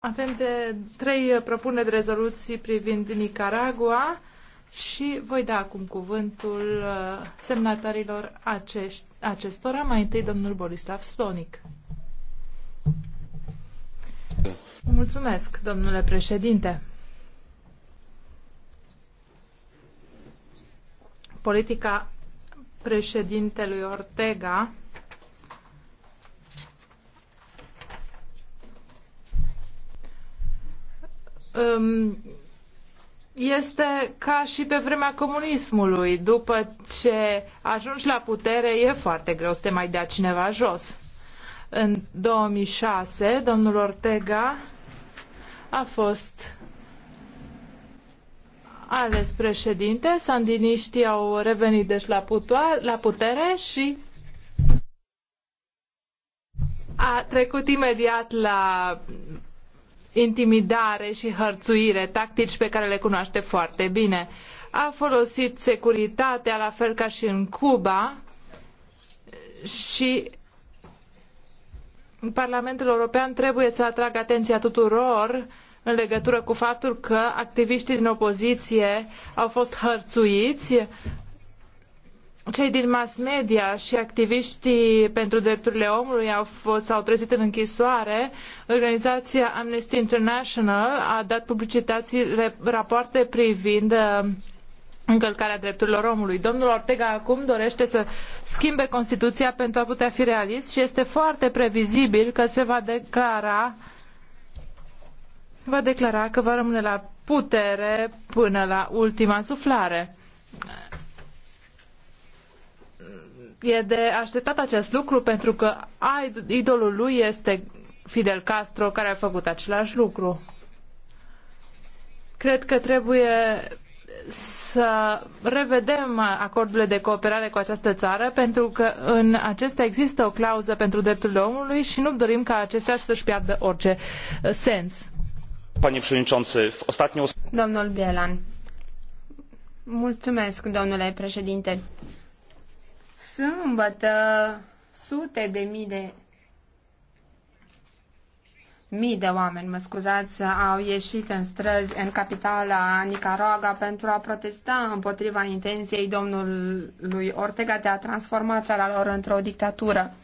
Avem de trei propuneri de rezoluții privind Nicaragua și voi da acum cuvântul uh, semnatarilor acești, acestora. Mai întâi domnul Borislav Stonic. Mulțumesc, domnule președinte. Politica președintelui Ortega um, este ca și pe vremea comunismului. După ce ajungi la putere, e foarte greu să te mai dea cineva jos. În 2006, domnul Ortega a fost ales președinte, sandiniștii au revenit deci la, la putere și a trecut imediat la intimidare și hărțuire, tactici pe care le cunoaște foarte bine. A folosit securitatea, la fel ca și în Cuba, și Parlamentul European trebuie să atragă atenția tuturor în legătură cu faptul că activiștii din opoziție au fost hărțuiți cei din mass media și activiștii pentru drepturile omului au fost, s-au trezit în închisoare, organizația Amnesty International a dat publicității rapoarte privind uh, încălcarea drepturilor omului. Domnul Ortega acum dorește să schimbe Constituția pentru a putea fi realist și este foarte previzibil că se va declara va declara că va rămâne la putere până la ultima suflare e de așteptat acest lucru pentru că idolul lui este Fidel Castro care a făcut același lucru. Cred că trebuie să revedem acordurile de cooperare cu această țară, pentru că în acestea există o clauză pentru drepturile omului și nu dorim ca acestea să-și piardă orice uh, sens. președinte, Domnul Bielan. Mulțumesc, domnule președinte sâmbătă sute de mii de mii de oameni, mă scuzați, au ieșit în străzi în capitala Nicaragua pentru a protesta împotriva intenției domnului Ortega de a transforma țara lor într-o dictatură.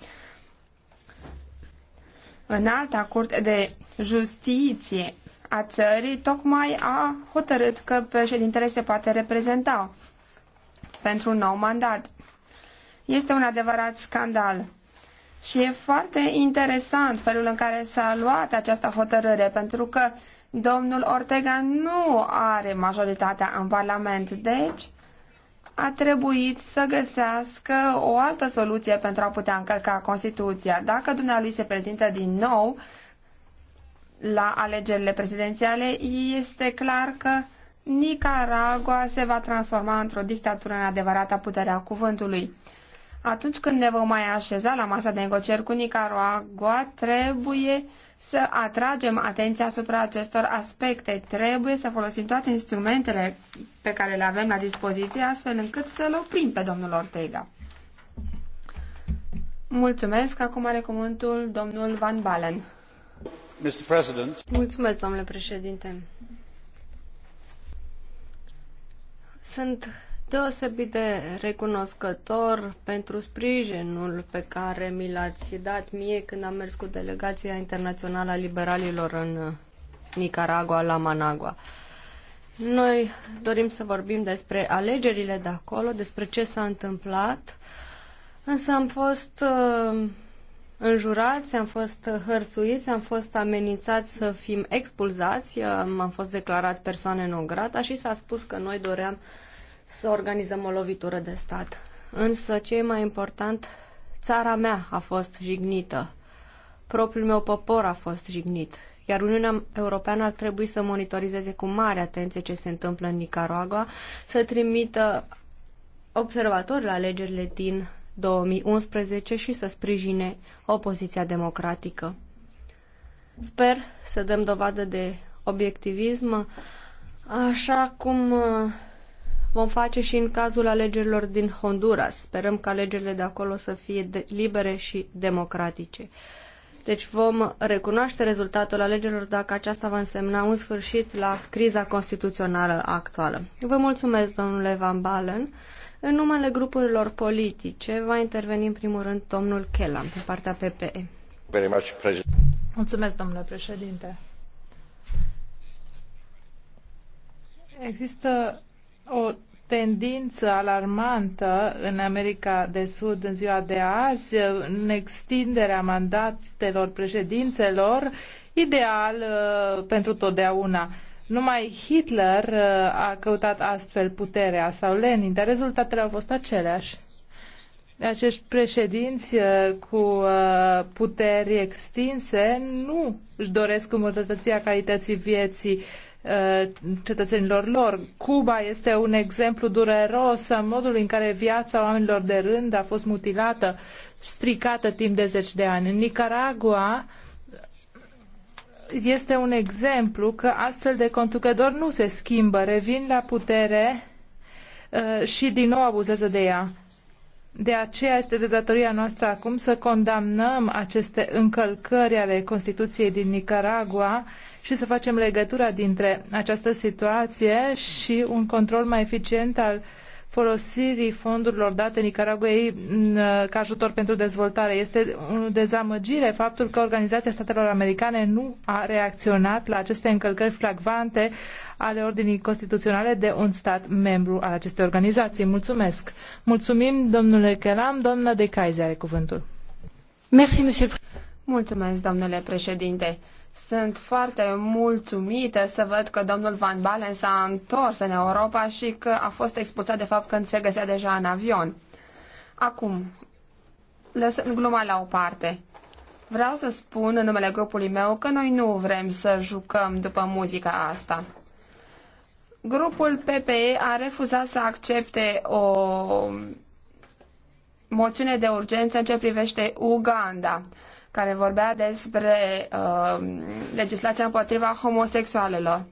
În alta curte de justiție a țării tocmai a hotărât că președintele se poate reprezenta pentru un nou mandat. Este un adevărat scandal. Și e foarte interesant felul în care s-a luat această hotărâre, pentru că domnul Ortega nu are majoritatea în Parlament, deci a trebuit să găsească o altă soluție pentru a putea încălca Constituția. Dacă dumnealui se prezintă din nou la alegerile prezidențiale, este clar că Nicaragua se va transforma într-o dictatură în adevărata puterea cuvântului. Atunci când ne vom mai așeza la masa de negocieri cu Nicaragua, trebuie să atragem atenția asupra acestor aspecte. Trebuie să folosim toate instrumentele pe care le avem la dispoziție, astfel încât să-l oprim pe domnul Ortega. Mulțumesc. Acum are cuvântul domnul Van Balen. Mr. President. Mulțumesc, domnule președinte. Sunt deosebit de recunoscător pentru sprijinul pe care mi l-ați dat mie când am mers cu delegația internațională a liberalilor în Nicaragua, la Managua. Noi dorim să vorbim despre alegerile de acolo, despre ce s-a întâmplat, însă am fost uh, înjurați, am fost hărțuiți, am fost amenințați să fim expulzați, am fost declarați persoane non grata și s-a spus că noi doream să organizăm o lovitură de stat. Însă, ce e mai important, țara mea a fost jignită, propriul meu popor a fost jignit, iar Uniunea Europeană ar trebui să monitorizeze cu mare atenție ce se întâmplă în Nicaragua, să trimită observatori la alegerile din 2011 și să sprijine opoziția democratică. Sper să dăm dovadă de obiectivism, așa cum vom face și în cazul alegerilor din Honduras. Sperăm că alegerile de acolo să fie libere și democratice. Deci vom recunoaște rezultatul alegerilor dacă aceasta va însemna un sfârșit la criza constituțională actuală. Vă mulțumesc, domnule Van Balen. În numele grupurilor politice va interveni în primul rând domnul Kellam din partea PPE. Mulțumesc, domnule președinte. Există o tendință alarmantă în America de Sud în ziua de azi, în extinderea mandatelor președințelor, ideal uh, pentru totdeauna. Numai Hitler uh, a căutat astfel puterea sau Lenin, dar rezultatele au fost aceleași. Acești președinți uh, cu puteri extinse nu își doresc îmbunătățirea calității vieții Uh, cetățenilor lor. Cuba este un exemplu dureros a modului în care viața oamenilor de rând a fost mutilată, stricată timp de zeci de ani. În Nicaragua este un exemplu că astfel de conducători nu se schimbă, revin la putere uh, și din nou abuzează de ea. De aceea este de datoria noastră acum să condamnăm aceste încălcări ale Constituției din Nicaragua și să facem legătura dintre această situație și un control mai eficient al folosirii fondurilor date Nicaraguei mm, ca ajutor pentru dezvoltare. Este o dezamăgire faptul că Organizația Statelor Americane nu a reacționat la aceste încălcări flagvante ale ordinii constituționale de un stat membru al acestei organizații. Mulțumesc! Mulțumim, domnule Kelam. Doamna de Kaiser are cuvântul. Mulțumesc, domnule președinte. Sunt foarte mulțumită să văd că domnul Van Balen s-a întors în Europa și că a fost expulsat de fapt când se găsea deja în avion. Acum, lăsând gluma la o parte, vreau să spun în numele grupului meu că noi nu vrem să jucăm după muzica asta. Grupul PPE a refuzat să accepte o moțiune de urgență în ce privește Uganda care vorbea despre uh, legislația împotriva homosexualelor.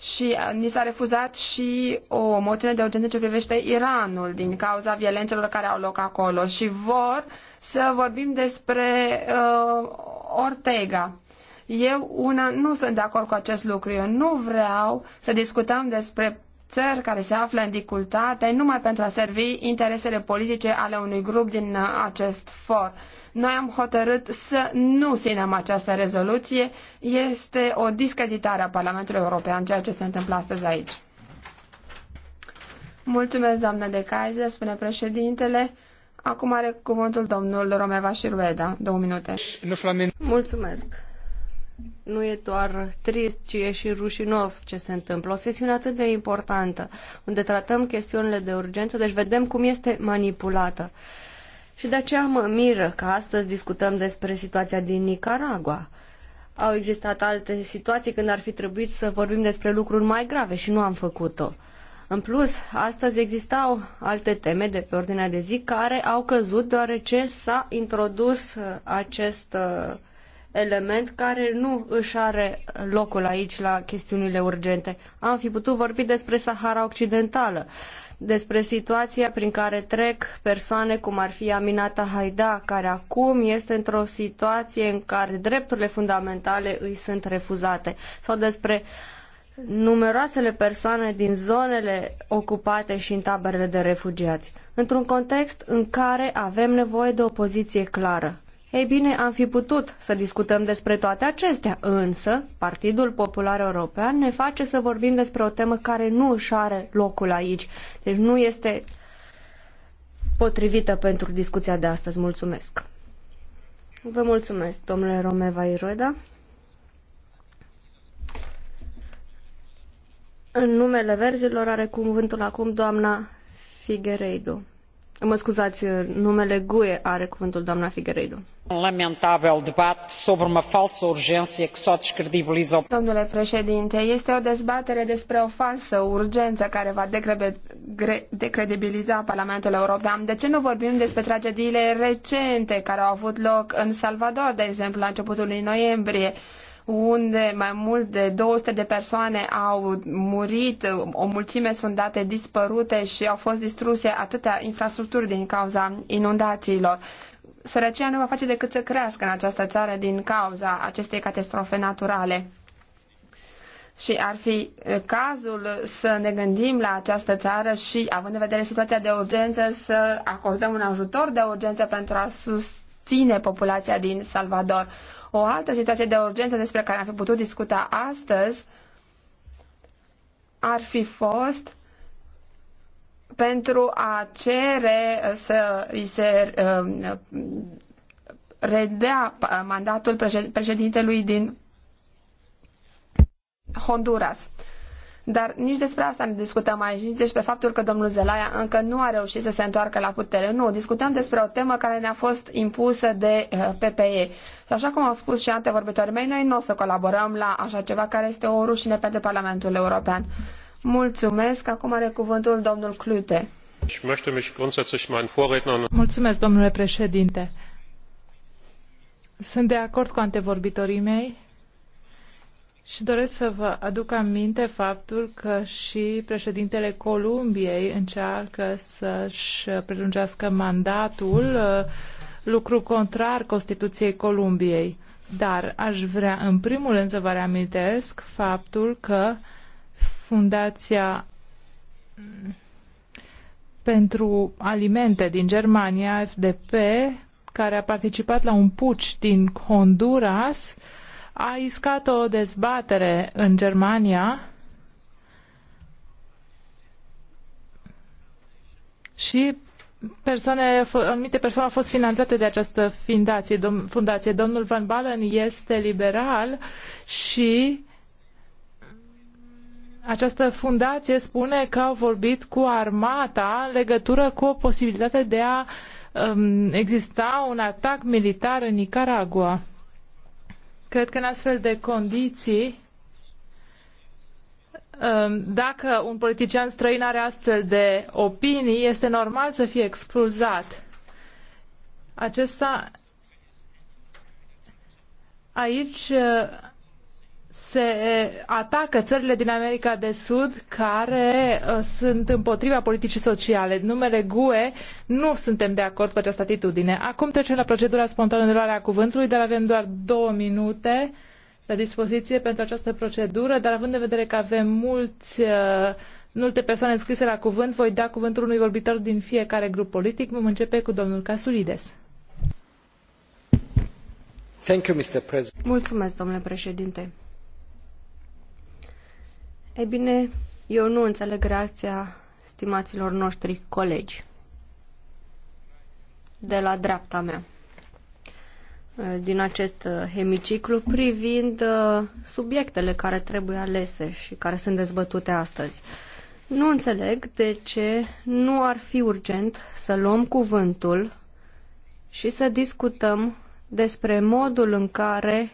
Și uh, ni s-a refuzat și o moțiune de urgență ce privește Iranul din cauza violențelor care au loc acolo și vor să vorbim despre uh, Ortega. Eu una nu sunt de acord cu acest lucru. Eu nu vreau să discutăm despre țări care se află în dificultate numai pentru a servi interesele politice ale unui grup din uh, acest for. Noi am hotărât să nu ținem această rezoluție. Este o discreditare a Parlamentului European, ceea ce se întâmplă astăzi aici. Mulțumesc, doamnă de Kaiser, spune președintele. Acum are cuvântul domnul Romeva Șirueda. Două minute. Mulțumesc nu e doar trist, ci e și rușinos ce se întâmplă. O sesiune atât de importantă, unde tratăm chestiunile de urgență, deci vedem cum este manipulată. Și de aceea mă miră că astăzi discutăm despre situația din Nicaragua. Au existat alte situații când ar fi trebuit să vorbim despre lucruri mai grave și nu am făcut-o. În plus, astăzi existau alte teme de pe ordinea de zi care au căzut deoarece s-a introdus uh, acest uh, element care nu își are locul aici la chestiunile urgente. Am fi putut vorbi despre Sahara Occidentală, despre situația prin care trec persoane cum ar fi Aminata Haida, care acum este într-o situație în care drepturile fundamentale îi sunt refuzate, sau despre numeroasele persoane din zonele ocupate și în taberele de refugiați, într-un context în care avem nevoie de o poziție clară. Ei bine, am fi putut să discutăm despre toate acestea, însă Partidul Popular European ne face să vorbim despre o temă care nu își are locul aici. Deci nu este potrivită pentru discuția de astăzi. Mulțumesc! Vă mulțumesc, domnule Romeva Iroeda. În numele verzilor are cuvântul acum doamna Figueiredo. Mă scuzați, numele GUE are cuvântul doamna Figueiredo. Un um lamentabil debat sobre uma falsă urgență que só descredibiliza... Domnule președinte, este o dezbatere despre o falsă urgență care va decredibiliza Parlamentul European. De ce nu vorbim despre tragediile recente care au avut loc în Salvador, de exemplu, la începutul lui noiembrie? unde mai mult de 200 de persoane au murit, o mulțime sunt date dispărute și au fost distruse atâtea infrastructuri din cauza inundațiilor. Sărăcia nu va face decât să crească în această țară din cauza acestei catastrofe naturale. Și ar fi cazul să ne gândim la această țară și, având în vedere situația de urgență, să acordăm un ajutor de urgență pentru a susține susține populația din Salvador. O altă situație de urgență despre care am fi putut discuta astăzi ar fi fost pentru a cere să îi se um, redea mandatul președintelui din Honduras. Dar nici despre asta nu discutăm aici, nici despre faptul că domnul Zelaya încă nu a reușit să se întoarcă la putere. Nu, discutăm despre o temă care ne-a fost impusă de uh, PPE. Și așa cum au spus și antevorbitorii mei, noi nu o să colaborăm la așa ceva care este o rușine pentru Parlamentul European. Mulțumesc. Acum are cuvântul domnul Clute. Mulțumesc, domnule președinte. Sunt de acord cu antevorbitorii mei și doresc să vă aduc aminte faptul că și președintele Columbiei încearcă să-și prelungească mandatul, uh, lucru contrar Constituției Columbiei. Dar aș vrea în primul rând să vă reamintesc faptul că Fundația pentru Alimente din Germania, FDP, care a participat la un puci din Honduras, uh, a iscat o dezbatere în Germania și persoane, anumite persoane au fost finanțate de această fundație. Dom- fundație. Domnul Van Balen este liberal și această fundație spune că au vorbit cu armata în legătură cu o posibilitate de a um, exista un atac militar în Nicaragua. Cred că în astfel de condiții, um, dacă un politician străin are astfel de opinii, este normal să fie expulzat. Acesta aici uh, se atacă țările din America de Sud care sunt împotriva politicii sociale. Numele GUE nu suntem de acord cu această atitudine. Acum trecem la procedura spontană de luare a cuvântului, dar avem doar două minute la dispoziție pentru această procedură, dar având în vedere că avem mulți, multe persoane înscrise la cuvânt, voi da cuvântul unui vorbitor din fiecare grup politic. Vom începe cu domnul Casulides. Thank you, Mr. President. Mulțumesc, domnule președinte. E bine, eu nu înțeleg reacția stimaților noștri colegi de la dreapta mea eh, din acest eh, hemiciclu privind eh, subiectele care trebuie alese și care sunt dezbătute astăzi. Nu înțeleg de ce nu ar fi urgent să luăm cuvântul și să discutăm despre modul în care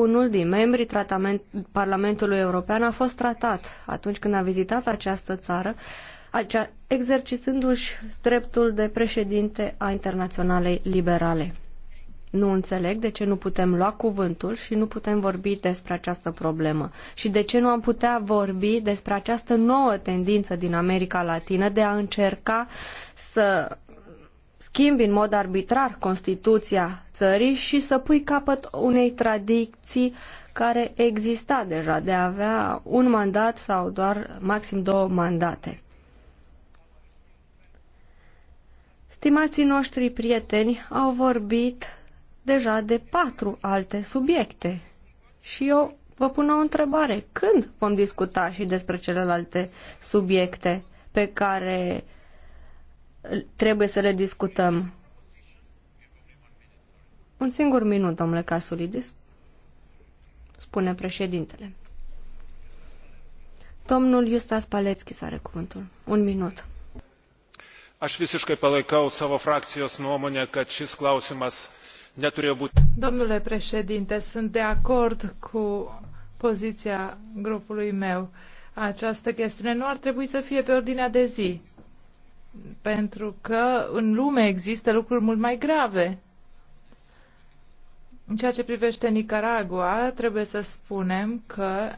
unul din membrii tratament, Parlamentului European a fost tratat atunci când a vizitat această țară, acea, exercitându-și dreptul de președinte a Internaționalei Liberale. Nu înțeleg de ce nu putem lua cuvântul și nu putem vorbi despre această problemă și de ce nu am putea vorbi despre această nouă tendință din America Latină de a încerca să schimbi în mod arbitrar Constituția țării și să pui capăt unei tradiții care exista deja de a avea un mandat sau doar maxim două mandate. Stimații noștri prieteni au vorbit deja de patru alte subiecte și eu vă pun o întrebare. Când vom discuta și despre celelalte subiecte pe care trebuie să le discutăm. Un singur minut, domnule Casulidis, spune președintele. Domnul Palețchi s are cuvântul. Un minut. Aš visiškai palaikau savo frakcijos nuomonę, kad šis klausimas neturėjo būti. Domnule președinte, sunt de acord cu poziția grupului meu. Această chestiune nu ar trebui să fie pe ordinea de zi pentru că în lume există lucruri mult mai grave. În ceea ce privește Nicaragua, trebuie să spunem că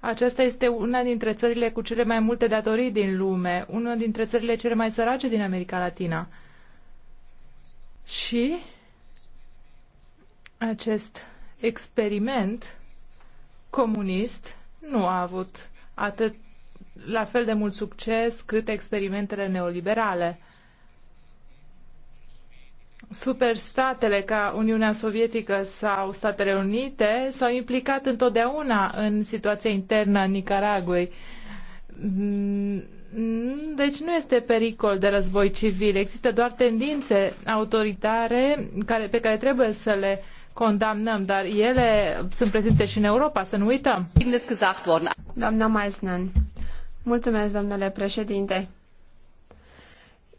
aceasta este una dintre țările cu cele mai multe datorii din lume, una dintre țările cele mai sărace din America Latina. Și acest experiment comunist nu a avut atât la fel de mult succes cât experimentele neoliberale. Superstatele ca Uniunea Sovietică sau Statele Unite s-au implicat întotdeauna în situația internă a Nicaraguei. Mm, deci nu este pericol de război civil, există doar tendințe autoritare care, pe care trebuie să le condamnăm, dar ele sunt prezente și în Europa, să nu uităm. Doamna Meisner, Mulțumesc, domnule președinte.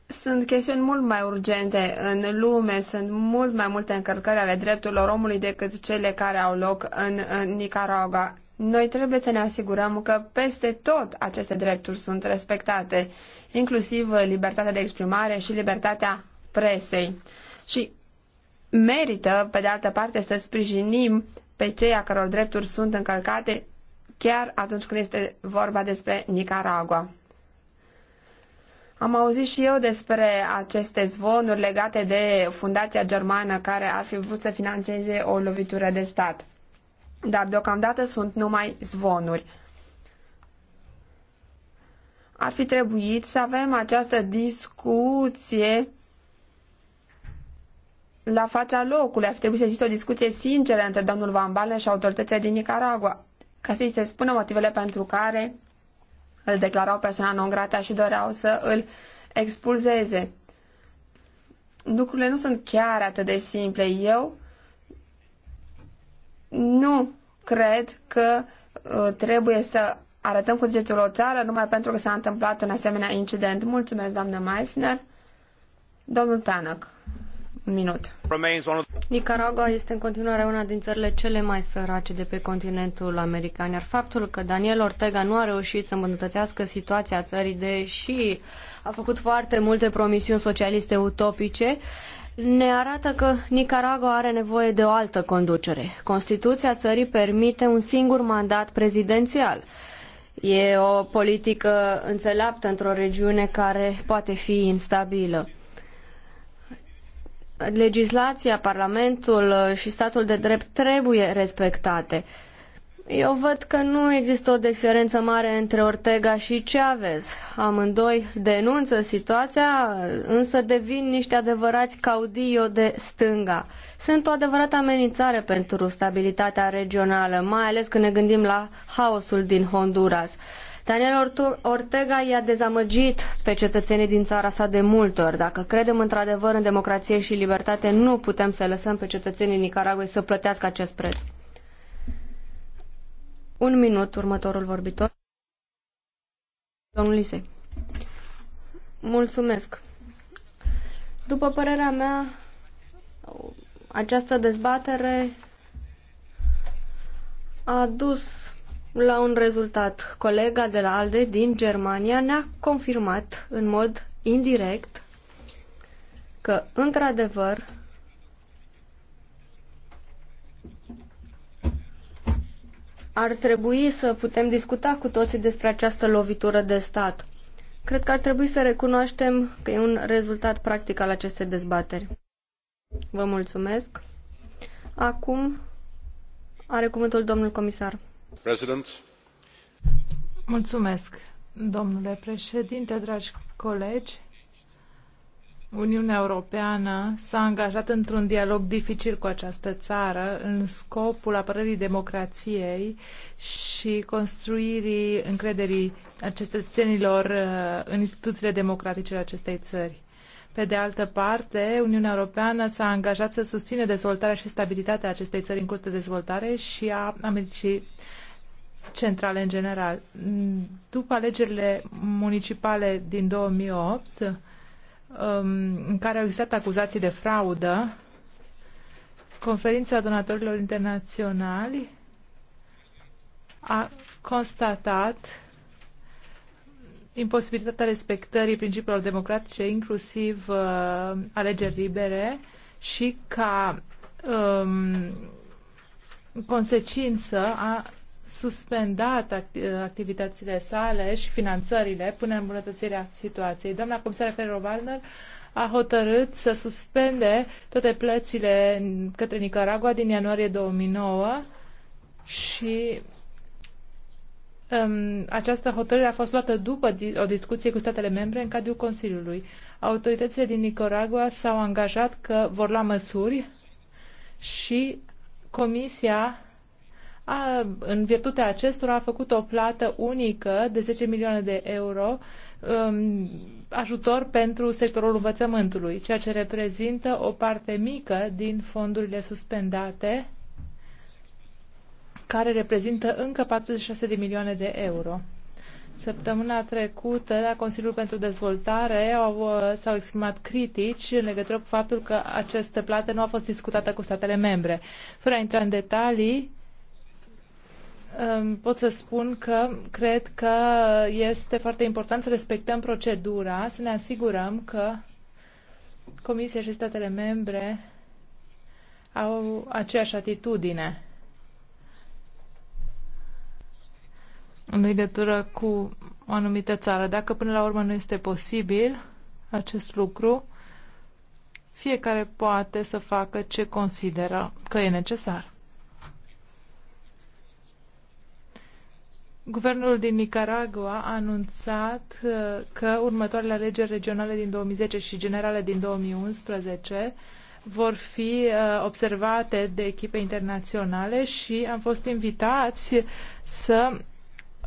Sunt chestiuni mult mai urgente în lume, sunt mult mai multe încălcări ale drepturilor omului decât cele care au loc în, în Nicaragua. Noi trebuie să ne asigurăm că peste tot aceste drepturi sunt respectate, inclusiv libertatea de exprimare și libertatea presei. Și merită, pe de altă parte, să sprijinim pe cei a căror drepturi sunt încălcate chiar atunci când este vorba despre Nicaragua. Am auzit și eu despre aceste zvonuri legate de fundația germană care ar fi vrut să financeze o lovitură de stat. Dar deocamdată sunt numai zvonuri. Ar fi trebuit să avem această discuție la fața locului. Ar fi trebuit să existe o discuție sinceră între domnul Van Balen și autoritățile din Nicaragua ca să-i se spună motivele pentru care îl declarau persoana non grata și doreau să îl expulzeze. Lucrurile nu sunt chiar atât de simple. Eu nu cred că uh, trebuie să arătăm cu degetul o țară numai pentru că s-a întâmplat un asemenea incident. Mulțumesc, doamnă Meissner. Domnul Tanăc. Nicaragua este în continuare una din țările cele mai sărace de pe continentul american, iar faptul că Daniel Ortega nu a reușit să îmbunătățească situația țării, deși a făcut foarte multe promisiuni socialiste utopice, ne arată că Nicaragua are nevoie de o altă conducere. Constituția țării permite un singur mandat prezidențial. E o politică înțeleaptă într-o regiune care poate fi instabilă legislația, Parlamentul uh, și statul de drept trebuie respectate. Eu văd că nu există o diferență mare între Ortega și Chavez. Amândoi denunță situația, însă devin niște adevărați caudio de stânga. Sunt o adevărată amenințare pentru stabilitatea regională, mai ales când ne gândim la haosul din Honduras. Daniel Ortega i-a dezamăgit pe cetățenii din țara sa de multe ori. Dacă credem într-adevăr în democrație și libertate, nu putem să lăsăm pe cetățenii Nicaraguei să plătească acest preț. Un minut, următorul vorbitor. Domnul Lisei. Mulțumesc. După părerea mea, această dezbatere a dus la un rezultat. Colega de la ALDE din Germania ne-a confirmat în mod indirect că, într-adevăr, ar trebui să putem discuta cu toții despre această lovitură de stat. Cred că ar trebui să recunoaștem că e un rezultat practic al acestei dezbateri. Vă mulțumesc. Acum are cuvântul domnul comisar. Mulțumesc, domnule președinte, dragi colegi. Uniunea Europeană s-a angajat într-un dialog dificil cu această țară în scopul apărării democrației și construirii încrederii cetățenilor uh, în instituțiile democratice ale acestei țări. Pe de altă parte, Uniunea Europeană s-a angajat să susțină dezvoltarea și stabilitatea acestei țări în curs de dezvoltare și a Americii centrale în general. Mm, după alegerile municipale din 2008, um, în care au existat acuzații de fraudă, Conferința Donatorilor Internaționali a constatat imposibilitatea respectării principiilor democratice, inclusiv uh, alegeri libere, și ca um, consecință a suspendat activitățile sale și finanțările până în îmbunătățirea situației. Doamna comisară Ferro Waldner a hotărât să suspende toate plățile către Nicaragua din ianuarie 2009 și um, această hotărâre a fost luată după o discuție cu statele membre în cadrul Consiliului. Autoritățile din Nicaragua s-au angajat că vor lua măsuri și Comisia a, în virtutea acestora a făcut o plată unică de 10 milioane de euro um, ajutor pentru sectorul învățământului, ceea ce reprezintă o parte mică din fondurile suspendate, care reprezintă încă 46 de milioane de euro. Săptămâna trecută, la Consiliul pentru Dezvoltare, au, uh, s-au exprimat critici în legătură cu faptul că această plată nu a fost discutată cu statele membre. Fără a intra în detalii, pot să spun că cred că este foarte important să respectăm procedura, să ne asigurăm că Comisia și statele membre au aceeași atitudine în legătură cu o anumită țară. Dacă până la urmă nu este posibil acest lucru, fiecare poate să facă ce consideră că e necesar. Guvernul din Nicaragua a anunțat uh, că următoarele alegeri regionale din 2010 și generale din 2011 vor fi uh, observate de echipe internaționale și am fost invitați să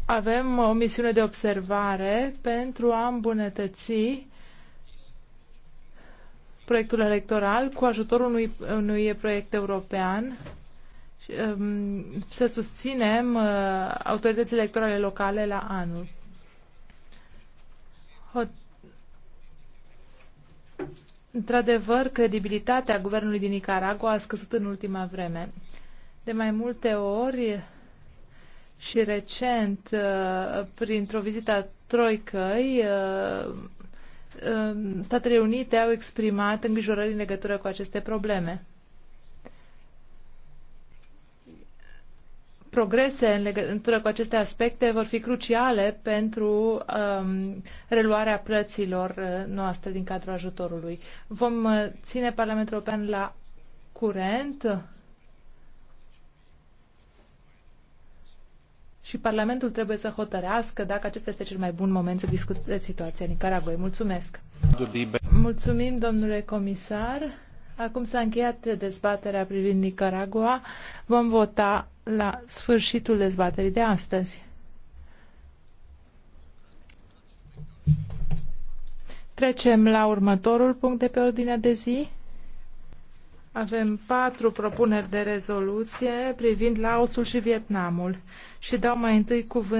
avem o misiune de observare pentru a îmbunătăți proiectul electoral cu ajutorul unui, unui proiect european Um, să susținem uh, autoritățile electorale locale la anul. Într-adevăr, credibilitatea guvernului din Nicaragua a scăzut în ultima vreme. De mai multe ori și recent, uh, printr-o vizită a Troicăi, uh, um, Statele Unite au exprimat îngrijorări în legătură cu aceste probleme. progrese în legătură cu aceste aspecte vor fi cruciale pentru um, reluarea plăților uh, noastre din cadrul ajutorului. Vom uh, ține Parlamentul European la curent și Parlamentul trebuie să hotărească dacă acesta este cel mai bun moment să discute situația Nicaraguay. Mulțumesc! Mulțumim, domnule comisar! Acum s-a încheiat dezbaterea privind Nicaragua. Vom vota la sfârșitul dezbaterii de astăzi. Trecem la următorul punct de pe ordinea de zi. Avem patru propuneri de rezoluție privind Laosul și Vietnamul. Și dau mai întâi cuvânt